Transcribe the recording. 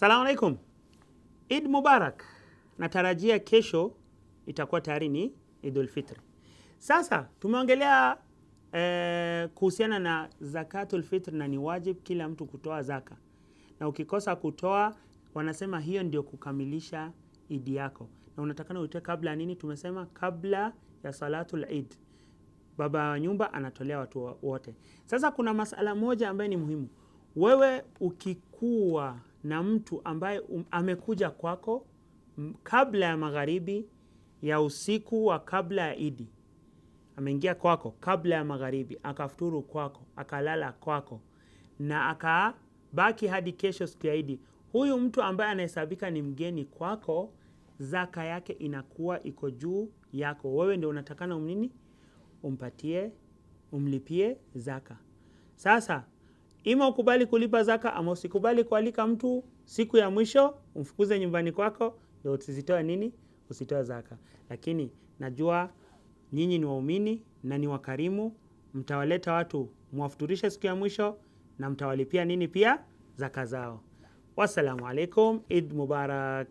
Salamu alaikum. Eid Mubarak. Natarajia kesho itakuwa tayari ni Idul Fitri. Sasa tumeongelea eh, kuhusiana na zakatul fitri na ni wajib kila mtu kutoa zaka, na ukikosa kutoa wanasema hiyo ndio kukamilisha idi yako, na unatakana uitoe kabla nini? Tumesema kabla ya salatul Eid, baba wa nyumba anatolea watu wote. Sasa kuna masala moja ambayo ni muhimu, wewe ukikuwa na mtu ambaye um, amekuja kwako kabla ya magharibi ya usiku wa kabla ya Idi, ameingia kwako kabla ya magharibi, akafuturu kwako, akalala kwako na akabaki hadi kesho siku ya Idi, huyu mtu ambaye anahesabika ni mgeni kwako, zaka yake inakuwa iko juu yako. Wewe ndio unatakana umnini, umpatie, umlipie zaka. Sasa ima ukubali kulipa zaka ama usikubali kualika mtu siku ya mwisho umfukuze nyumbani kwako, ndio usizitoe nini, usitoe zaka. Lakini najua nyinyi ni waumini na ni wakarimu, mtawaleta watu mwafuturishe siku ya mwisho na mtawalipia nini pia zaka zao. Wassalamu alaikum, Eid Mubarak.